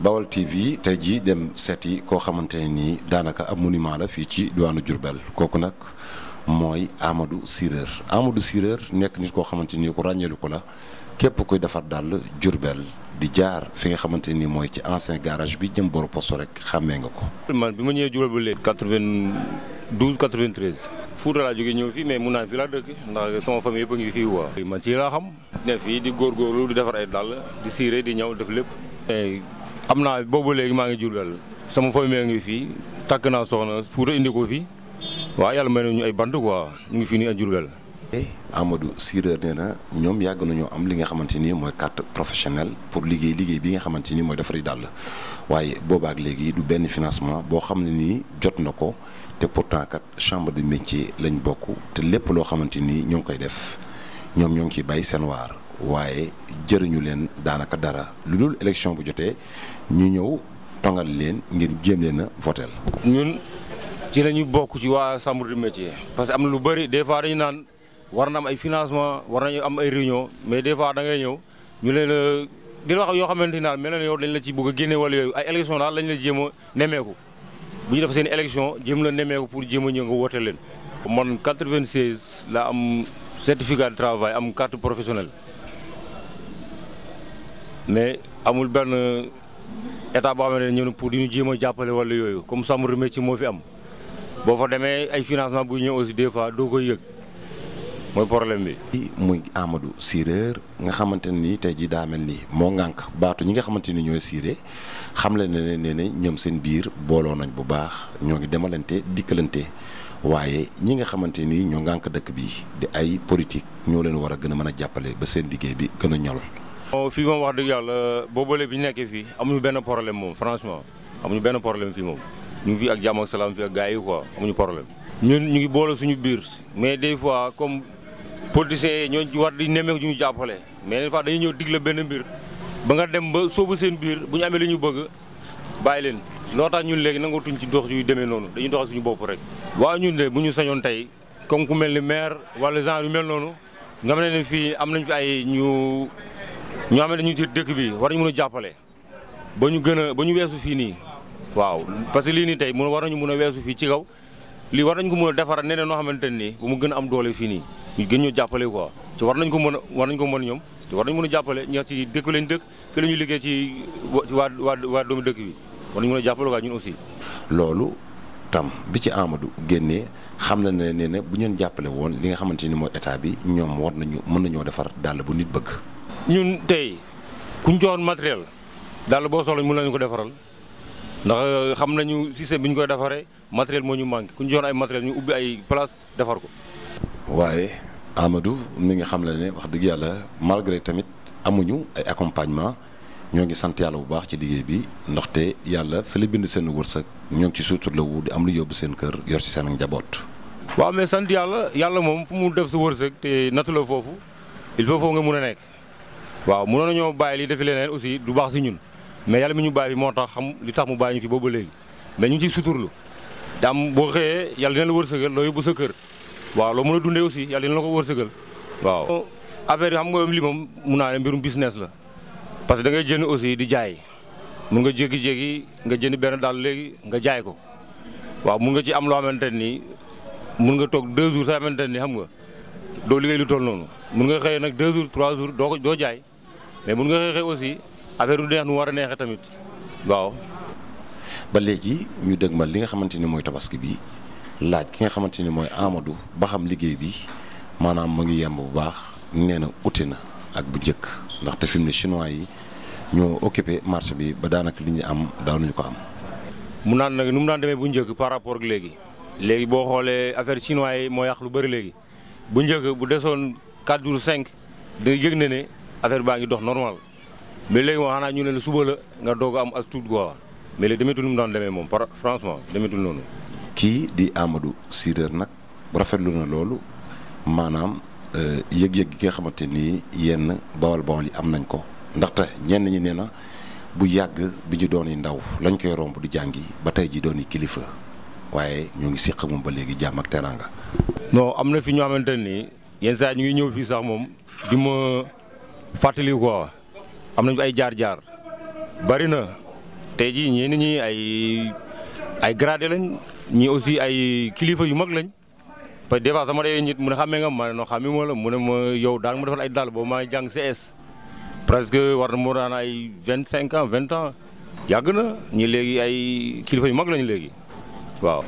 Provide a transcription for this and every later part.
Bawal TV tey jii dem seeti koo xamante ne nii daanaka ab monument la fii ci diwaanu jurubeel kooku nag mooy Amadou Sireur amadu Sireur nekk nit koo xamante ni ku ràññeelu ko la képp koy defar dàll jurubeel di jaar fi nga xamante nii mooy ci ancien garage bi jëm boru poste rek xàmmee nga ko. man bi ma ñëwee Diourbel ba léegi. 92 93. Fuuta laa jógee ñëw fii mais mun naa fi laa dëkk ndax sama famille yëpp a ngi fii waa. man ci laa xam. ne fii di góorgóorlu di defar ay dàll di ñëw def lépp. am naa boobu léegi maa ngi Diourbel sama famille ngi fii takk naa soxna Fuuta indi ko fi waaw yàlla may ñu ay bant quoi ñu ngi fii nii ak Diourbel. Eh, Amadou Sireur nee na ñoom yàgg nañoo am li nga xamante ni mooy carte professionnel pour liggéey liggéey bi nga xamante ni mooy defari dàll waaye boobaak léegi du benn financement boo xam ne nii jot na ko te pourtant kat chambre de métier lañ bokk te lépp loo xamante nii ñoo ngi koy def ñoom ñoo ngi ciy bàyyi seen waar. waaye jëriñu leen daanaka dara lu dul élection bu jotee ñu ñëw tongal leen ngir jéem leen a votel ñun ci la ñu bokk ci waa chambre de métier parce que am lu bëri des fois dañu naan war na am ay financement war nañu am ay réunion mais des fois da ngay ñëw ñu leen di wax yoo xamante ni daal mel na yow dañ la ci bëgg a génne wala yooyu ay élection daal lañ la jéem a bu ñu def seen élection jéem la nemmeeku pour jéem a ñëw nga woote leen. man 96 la am certificat de travail am carte mais amul benn état boo xamante ne ñun pour di ñu jéem a jàppale wala yooyu comme chambre de métier moo fi boo fa demee ay financement buy ñëw aussi fois doo koy yëg mooy problème bi. muy Amadou Sireur nga xamante ne nii tey jii daa mel ni moo ŋànk baatu ñi nga xamante ni ñooy siire xam le ne ne ne ñoom seen biir booloo nañ bu baax ñoo ngi demalante dikkalante waaye ñi nga xamante ni ñoo ŋànk dëkk bi di ay politique ñoo leen war a gën a mën a jàppale ba seen liggéey bi gën a ñol fii moom wax dëgg yàlla boobale bi ñu nekkee fii amuñu benn problème moom franchement amuñu benn problème fii moom ñu ngi fii ak jàmm ak salaam fii ak gars yi quoi amuñu problème. ñu ñu jàppale mais des fois ñëw digle benn mbir ba nga dem ba sóobu seen biir bu ñu amee li ñu bëgg bàyyi leen. loo tax ñun léegi nangatuñ ci dox yu demee noonu dañuy doxal suñu bopp rek. waaw ñun de bu ñu sañoon tey comme ku mel ni maire wala genre yu mel noonu nga xam ne fii am nañ fi ay ñu. ñoo xam ne dañuy ci dëkk bi war nañu mën a jàppale ba ñu gën a ba ñu weesu fii nii waaw parce que lii nii tey mun war nañu mën a weesu fii ci kaw lii war nañ ko mën a defaraat neneen noo xamante nii bu mu gën am doole fii nii ñu gën ñoo jàppale quoi ci war nañ ko mën a war nañ ko mën ñoom ci war nañ mën a jàppale ñoo ci dëkk lañ dëkk fi la liggéey ci waa waa waa dëkk bi war nañu mën a jàppale quoi ñun aussi loolu tam bi ci Amadou génnee xam na ne nee na bu ñeen jàppale woon li nga xamante ni mooy état bi ñoom war nañu mën nañoo defar dàll bu nit bëgg ñun tey kuñ joxoon matériel daal boo soxla mën nañu ko defaral ndax euh, xam nañu système bi ñu koy defaree matériel moo ñu manqué kuñ joxoon ay matériel ñu ubbi ay place defar ko. waaye Amadou mi ngi xam la ne wax dëgg yàlla malgré tamit amuñu ay accompagnement ñoo ngi sant yàlla bu baax ci liggéey bi ndaxte yàlla fa la bind seen wërsëg ñoo ngi ci suutur la wu di am lu yóbbu seen kër yor ci seen njaboot. waaw amee sant yàlla yàlla moom fu mu def sa wërsëg te nattu la foofu il faut nga mun a nekk. waaw mënoon nañoo bàyyi li defi leneen aussi du baax si ñun mais yàlla mi ñu bàyyi fi moo tax xam li tax mu bàyyi ñu fi boobu léegi mais ñu ngi ciy suturlu daam boo xëyee yàlla dina la wërsëgal loo yóbbu sa kër waaw loo mën a dundee aussi yàlla dina la ko wërsëgal waaw. affaire yi xam nga li moom mun naa ne mbirum business la parce que da ngay jënd aussi di jaay mun nga jékki-jékki nga jënd benn daal léegi nga jaay ko waaw mun nga ci am loo xamante nii mun nga toog deux jours sa xamante ni xam nga doo liggéey lu toll noonu mun nga xëyee nag deux jours trois jours doo ko doo jaay mais mun nga xeexee aussi affaire du neex nu war a neexee tamit waaw. ba léegi ñu dëgg ma li nga xamante ni mooy tabaski bi laaj ki nga xamante ni mooy Amadou ba xam liggéey bi maanaam mu ngi yemb bu baax nee na ute na ak bu njëkk ndaxte fi mu ne chinois yi ñoo occupé marché bi ba daanaka li ñu am daanuñu ko am. mu naan nag nu mu naan demee bu njëkk par rapport ak léegi léegi boo xoolee affaire chinois yi moo yàq lu bari léegi bu njëkk bu desoon 4 jours day yëg ne ne. affaire baa ngi dox normal mais léegi moom xanaa ñu ne la suba la nga doog am as tuut quoi mais léegi demeetul nu mu daan demee moom par franchement demeetul noonu. kii di Amadou Sirer nag rafetlu na loolu maanaam euh, yëg-yëg gi nga xamante nii yenn bawal bawal yi am nañ ko ndaxte ñenn nañu nee na bu yàgg bi ñu doon ndaw lañ koy romb di jàngi ba tey ji doon yi kilifa waaye ñoo ngi séq moom ba léegi jàmm ak teraanga. non am na fi ñoo xamante nii yenn saa ñu ngi ñëw fii sax fàttaliw ko am nañ ay jaar-jaar bari na tey jii ñenn ñi ay ay gradé lañ ñi aussi ay kilifa yu mag lañ parce que des fois sama day nit mu ne xàmmee nga ma ne noo xàmmee moo la mu ne ma yow daal ma defal ay daal boobu maa jàng CS presque war na moo daan ay vingt cinq vingt ans yàgg na ñi léegi ay kilifa yu mag lañ léegi waaw.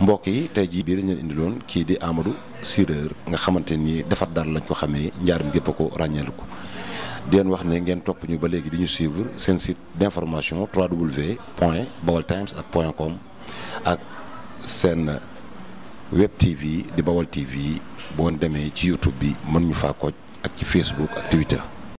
mbokk yi tey jii bii dañ leen indiloon kii di Amadou Sireur nga xamante ni defar daal lañ ko xamee njaaram gépp a ko ràññeelu ko di leen wax ne ngeen topp ñu ba léegi di ñu suivre seen site d'information www point bawal times ak point com ak seen web tv di bawal tv boo demee ci youtube bi mën ñu faa kooj ak ci facebook ak twitter